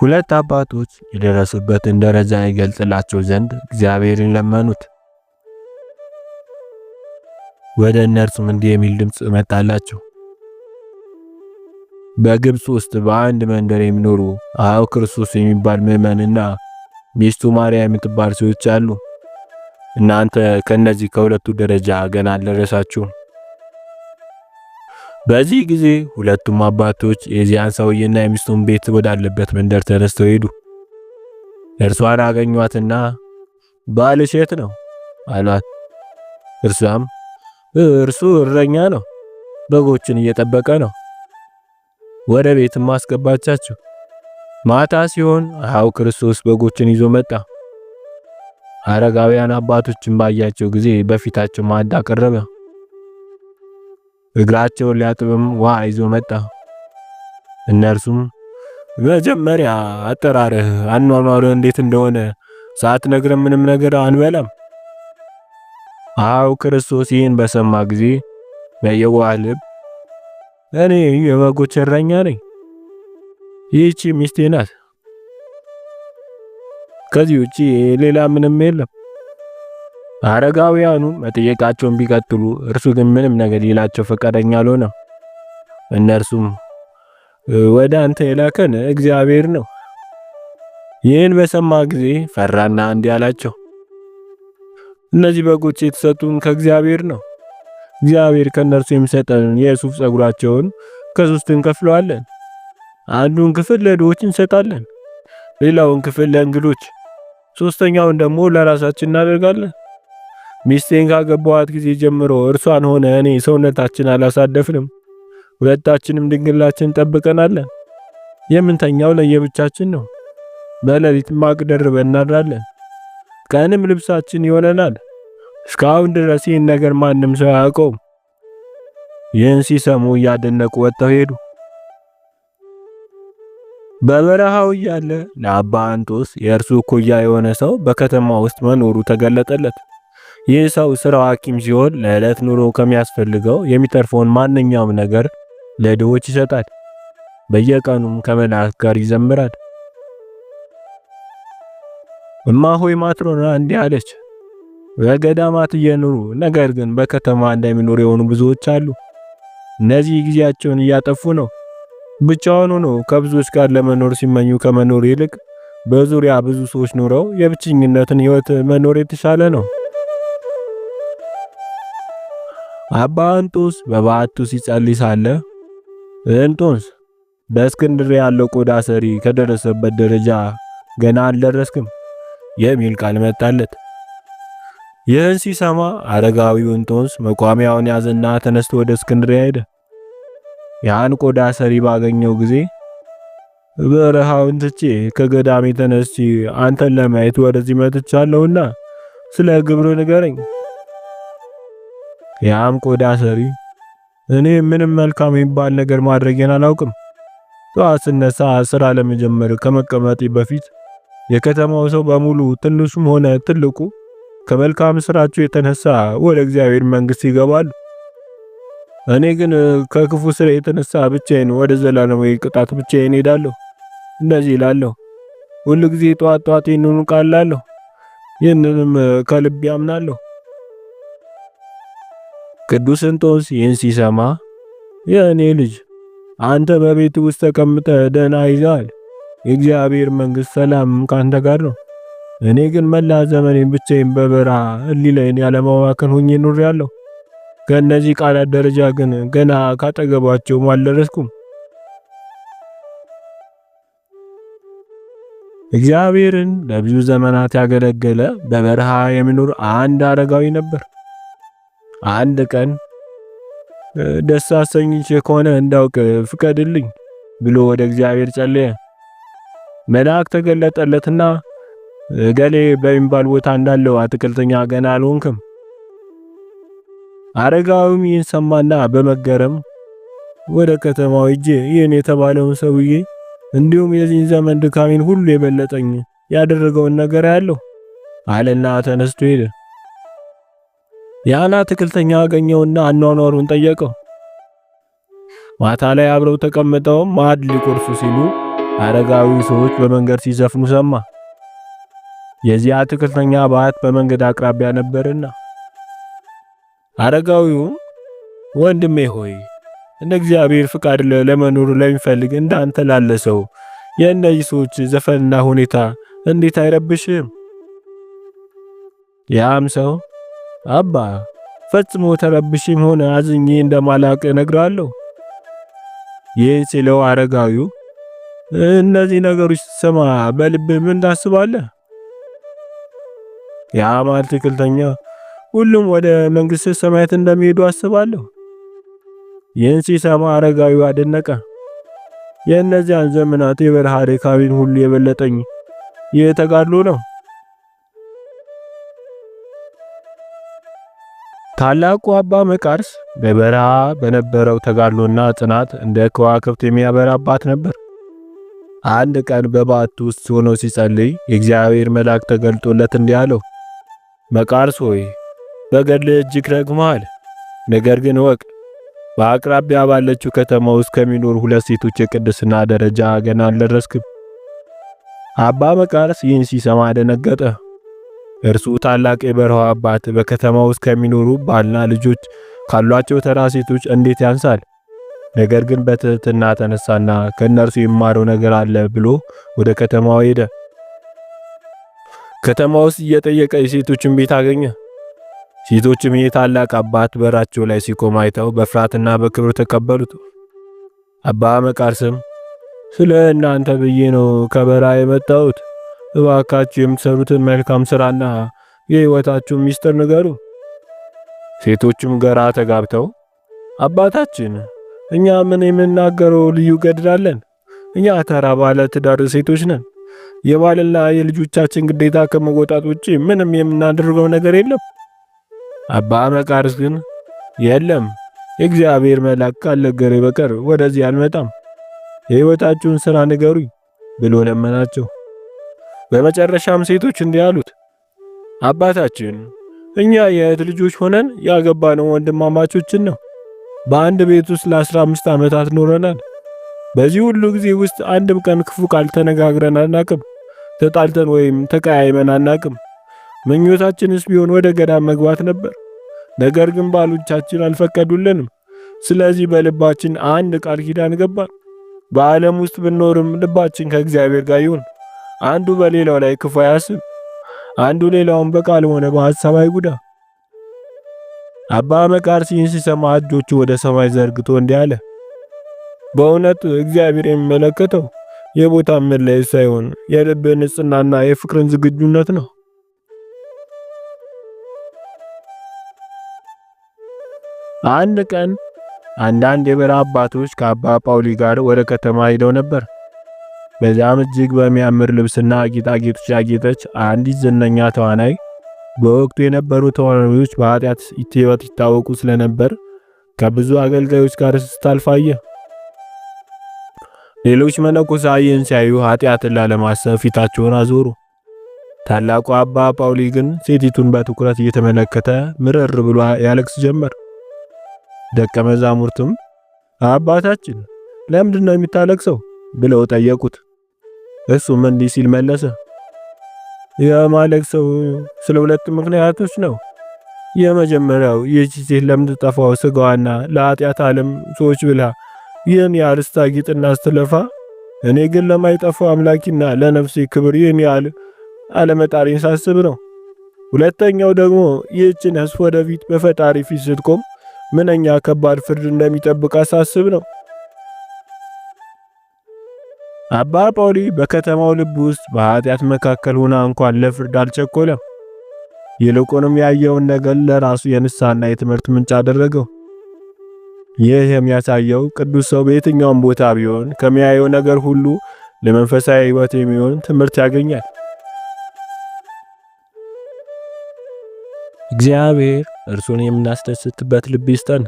ሁለት አባቶች የደረሱበትን ደረጃ ይገልጽላቸው ዘንድ እግዚአብሔርን ለመኑት። ወደ እነርሱም እንዲህ የሚል ድምፅ መጣላቸው። በግብፅ ውስጥ በአንድ መንደር የሚኖሩ አው ክርስቶስ የሚባል ምዕመንና ሚስቱ ማርያም የምትባል ሰዎች አሉ። እናንተ ከነዚህ ከሁለቱ ደረጃ ገና አልደረሳችሁም። በዚህ ጊዜ ሁለቱም አባቶች የዚያን ሰውዬና የሚስቱን ቤት ወዳለበት መንደር ተነስተው ሄዱ። እርሷን አገኟትና ባልሽ የት ነው አሏት። እርሷም እርሱ እረኛ ነው፣ በጎችን እየጠበቀ ነው። ወደ ቤትም አስገባቻቸው። ማታ ሲሆን አው ክርስቶስ በጎችን ይዞ መጣ። አረጋውያን አባቶችን ባያቸው ጊዜ በፊታቸው ማዕድ አቀረበ። እግራቸውን ሊያጥብም ውሃ ይዞ መጣ። እነርሱም መጀመሪያ አጠራርህ፣ አኗኗርህ እንዴት እንደሆነ ሳትነግረን ምንም ነገር አንበላም። አው ክርስቶስ ይህን በሰማ ጊዜ በየዋህ ልብ እኔ የበጎች እረኛ ነኝ፣ ይህቺ ሚስቴ ናት፣ ከዚህ ውጪ ሌላ ምንም የለም አረጋውያኑ መጠየቃቸውን ቢቀጥሉ እርሱ ግን ምንም ነገር ሊላቸው ፈቃደኛ አልሆነም። እነርሱም ወደ አንተ የላከን እግዚአብሔር ነው። ይህን በሰማ ጊዜ ፈራና እንዲህ አላቸው፣ እነዚህ በጎች የተሰጡን ከእግዚአብሔር ነው። እግዚአብሔር ከእነርሱ የሚሰጠንን የሱፍ ጸጉራቸውን ከሶስት እንከፍለዋለን። አንዱን ክፍል ለድሆች እንሰጣለን፣ ሌላውን ክፍል ለእንግዶች፣ ሶስተኛውን ደግሞ ለራሳችን እናደርጋለን። ሚስቴን ካገባኋት ጊዜ ጀምሮ እርሷን ሆነ እኔ ሰውነታችን አላሳደፍንም። ሁለታችንም ድንግላችን ጠብቀናለን። የምንተኛው ለየብቻችን ነው። በሌሊት ማቅ ደርበን እናድራለን። ቀንም ልብሳችን ይሆነናል። እስካሁን ድረስ ይህን ነገር ማንም ሰው አያውቀውም። ይህን ሲሰሙ እያደነቁ ወጥተው ሄዱ። በበረሃው እያለ ለአባ የእርሱ እኩያ የሆነ ሰው በከተማ ውስጥ መኖሩ ተገለጠለት። ይህ ሰው ስራው ሐኪም ሲሆን ለዕለት ኑሮ ከሚያስፈልገው የሚተርፈውን ማንኛውም ነገር ለድሆች ይሰጣል። በየቀኑም ከመላእክት ጋር ይዘምራል። እማሆይ ማትሮና እንዲህ አለች፣ በገዳማት እየኖሩ ነገር ግን በከተማ እንደሚኖሩ የሆኑ ብዙዎች አሉ። እነዚህ ጊዜያቸውን እያጠፉ ነው። ብቻውን ሆኖ ከብዙዎች ጋር ለመኖር ሲመኙ ከመኖር ይልቅ በዙሪያ ብዙ ሰዎች ኖረው የብቸኝነትን ህይወት መኖር የተሻለ ነው። አባ እንጦንስ በበዓቱ ሲጸልይ ሳለ እንጦንስ በእስክንድርያ ያለው ቆዳ ሰሪ ከደረሰበት ደረጃ ገና አልደረስክም የሚል ቃል መጣለት። ይህን ሲሰማ አረጋዊው እንጦንስ መቋሚያውን ያዘና ተነስቶ ወደ እስክንድርያ ሄደ። ያን ቆዳ ሰሪ ባገኘው ጊዜ በረሃውን ትቼ ከገዳሜ ተነስቼ አንተን ለማየት ወደዚህ መጥቻለሁና ስለ ግብሩ ንገረኝ ያም ቆዳ ሰሪ እኔ ምንም መልካም የሚባል ነገር ማድረጌን አላውቅም። ጠዋት ስነሳ ስራ ለመጀመር ከመቀመጤ በፊት የከተማው ሰው በሙሉ ትንሹም ሆነ ትልቁ ከመልካም ስራቸው የተነሳ ወደ እግዚአብሔር መንግስት ይገባሉ። እኔ ግን ከክፉ ስራ የተነሳ ብቻዬን ወደ ዘላለማዊ ቅጣት ብቻዬን እሄዳለሁ። እንደዚህ ይላለሁ ሁል ጊዜ ጠዋት ጠዋት ይህንኑ ቃል እላለሁ። ይህንንም ከልብ አምናለሁ። ቅዱስ እንጦንስ ይህን ሲሰማ የእኔ ልጅ አንተ በቤት ውስጥ ተቀምጠ ደህና ይዛል። የእግዚአብሔር መንግሥት ሰላም ካንተ ጋር ነው። እኔ ግን መላ ዘመኔን ብቻዬን በበረሃ እሊላይን ያለማዋከን ሆኜ ኑር ያለሁ። ከእነዚህ ቃላት ደረጃ ግን ገና ካጠገባቸውም አልደረስኩም። እግዚአብሔርን ለብዙ ዘመናት ያገለገለ በበረሃ የሚኖር አንድ አረጋዊ ነበር። አንድ ቀን ደስ አሰኝቼ ከሆነ እንዳውቅ ፍቀድልኝ ብሎ ወደ እግዚአብሔር ጸለየ። መልአክ ተገለጠለትና እገሌ በሚባል ቦታ እንዳለው አትክልተኛ ገና አልሆንክም። አረጋዊም ይህን ሰማና በመገረም ወደ ከተማው ሂጄ ይህን የተባለውን ሰውዬ እንዲሁም የዚህን ዘመን ድካሜን ሁሉ የበለጠኝ ያደረገውን ነገር ያለው አለና ተነስቶ ሄደ። ያን አትክልተኛ አገኘውና አኗኗሩን ጠየቀው። ማታ ላይ አብረው ተቀምጠው ማዕድ ሊቆርሱ ሲሉ አረጋዊ ሰዎች በመንገድ ሲዘፍኑ ሰማ። የዚህ አትክልተኛ አባት በመንገድ አቅራቢያ ነበርና አረጋዊው ወንድሜ ሆይ እንደ እግዚአብሔር ፍቃድ ለመኖር ለሚፈልግ እንዳንተ ላለ ሰው የእነዚህ ሰዎች ዘፈንና ሁኔታ እንዴት አይረብሽም? ያም ሰው አባ ፈጽሞ ተረብሽም ሆነ አዝኜ እንደማላቅ እነግራለሁ። ይህ ሲለው አረጋዊው እነዚህ ነገሮች ስትሰማ በልብ ምን ታስባለህ? ያም አትክልተኛ ሁሉም ወደ መንግስተ ሰማያት እንደሚሄዱ አስባለሁ። ይህን ሲሰማ አረጋዊው አደነቀ። የእነዚያን ዘመናት የበረሃ ድካሜን ሁሉ የበለጠኝ ይህ ተጋድሎ ነው። ታላቁ አባ መቃርስ በበረሃ በነበረው ተጋድሎና ጽናት እንደ ከዋክብት የሚያበራ አባት ነበር። አንድ ቀን በባቱ ውስጥ ሆኖ ሲጸልይ የእግዚአብሔር መልአክ ተገልጦለት እንዲህ አለው፣ መቃርስ ሆይ በገድል እጅግ ረግመሃል። ነገር ግን ወቅ በአቅራቢያ ባለችው ከተማ ውስጥ ከሚኖሩ ሁለት ሴቶች የቅድስና ደረጃ ገና አልደረስክም። አባ መቃርስ ይህን ሲሰማ ደነገጠ። እርሱ ታላቅ የበረሃ አባት በከተማ ውስጥ ከሚኖሩ ባልና ልጆች ካሏቸው ተራ ሴቶች እንዴት ያንሳል? ነገር ግን በትህትና ተነሳና ከእነርሱ የማረው ነገር አለ ብሎ ወደ ከተማው ሄደ። ከተማ ውስጥ እየጠየቀ የሴቶችን ቤት አገኘ። ሴቶችም ይህ ታላቅ አባት በራቸው ላይ ሲቆም አይተው በፍርሃትና በክብር ተቀበሉት። አባ መቃርስም ስለ እናንተ ብዬ ነው ከበረሃ የመጣሁት እባካችሁ የምትሰሩትን መልካም ስራና የሕይወታችሁን ሚስጥር ንገሩ። ሴቶቹም ግራ ተጋብተው አባታችን፣ እኛ ምን የምናገረው ልዩ ገድላለን እኛ ተራ ባለ ትዳር ሴቶች ነን። የባልና የልጆቻችን ግዴታ ከመወጣት ውጪ ምንም የምናደርገው ነገር የለም። አባ መቃርስ ግን የለም፣ የእግዚአብሔር መልአክ ካልነገረ በቀር ወደዚህ አልመጣም፣ የህይወታችሁን ሥራ ንገሩኝ ብሎ ለመናቸው። በመጨረሻም ሴቶች እንዲህ አሉት፣ አባታችን እኛ የእህት ልጆች ሆነን ያገባነው ወንድማማቾችን ነው። በአንድ ቤት ውስጥ ለ15 ዓመታት ኖረናል። በዚህ ሁሉ ጊዜ ውስጥ አንድም ቀን ክፉ ቃል ተነጋግረን አናቅም። ተጣልተን ወይም ተቀያይመን አናቅም። ምኞታችንስ ቢሆን ወደ ገዳም መግባት ነበር፣ ነገር ግን ባሎቻችን አልፈቀዱልንም። ስለዚህ በልባችን አንድ ቃል ኪዳን ገባን። በዓለም ውስጥ ብንኖርም ልባችን ከእግዚአብሔር ጋር ይሁን። አንዱ በሌላው ላይ ክፉ አያስብ፣ አንዱ ሌላውን በቃል ሆነ በሐሳብ አይጉዳ። አባ ሲን ሲሰማ እጆቹ ወደ ሰማይ ዘርግቶ እንዲህ አለ። በእውነት እግዚአብሔር የሚመለከተው የቦታ መለየት ሳይሆን የልብ ንጽህናና የፍቅርን ዝግጁነት ነው። አንድ ቀን አንዳንድ የበረሃ አባቶች ከአባ ጳውሊ ጋር ወደ ከተማ ሄደው ነበር። በዚያም እጅግ በሚያምር ልብስና ጌጣጌጦች ያጌጠች አንዲት ዝነኛ ተዋናይ በወቅቱ የነበሩ ተዋናዮች በኃጢአት ሕይወት ይታወቁ ስለነበር ከብዙ አገልጋዮች ጋር ስታልፋየ ሌሎች መነኮሳት ይህን ሲያዩ ኃጢአትን ላለማሰብ ፊታቸውን አዞሩ። ታላቁ አባ ጳውሊ ግን ሴቲቱን በትኩረት እየተመለከተ ምርር ብሎ ያለቅስ ጀመር። ደቀ መዛሙርቱም አባታችን ለምንድን ነው ብለው ጠየቁት። እሱም እንዲህ ሲል መለሰ። ሰው ስለ ሁለት ምክንያቶች ነው። የመጀመሪያው ይህች ሴት ለምትጠፋው ስጋዋና ለኃጢአት ዓለም ሰዎች ብላ ይህን ያህል ስታጊጥና ስትለፋ፣ እኔ ግን ለማይጠፋው አምላኪና ለነፍሴ ክብር ይህን ያህል አለመጣሪን ሳስብ ነው። ሁለተኛው ደግሞ ይህች ነፍስ ወደፊት በፈጣሪ ፊት ስትቆም ምንኛ ከባድ ፍርድ እንደሚጠብቅ ሳስብ ነው። አባ ጳውሊ በከተማው ልብ ውስጥ በኃጢአት መካከል ሆና እንኳን ለፍርድ አልቸኮለም። ይልቁንም ያየውን ነገር ለራሱ የንስሐና የትምህርት ምንጭ አደረገው። ይህ የሚያሳየው ቅዱስ ሰው በየትኛውም ቦታ ቢሆን ከሚያየው ነገር ሁሉ ለመንፈሳዊ ሕይወት የሚሆን ትምህርት ያገኛል። እግዚአብሔር እርሱን የምናስደስትበት ልብ ይስጠን።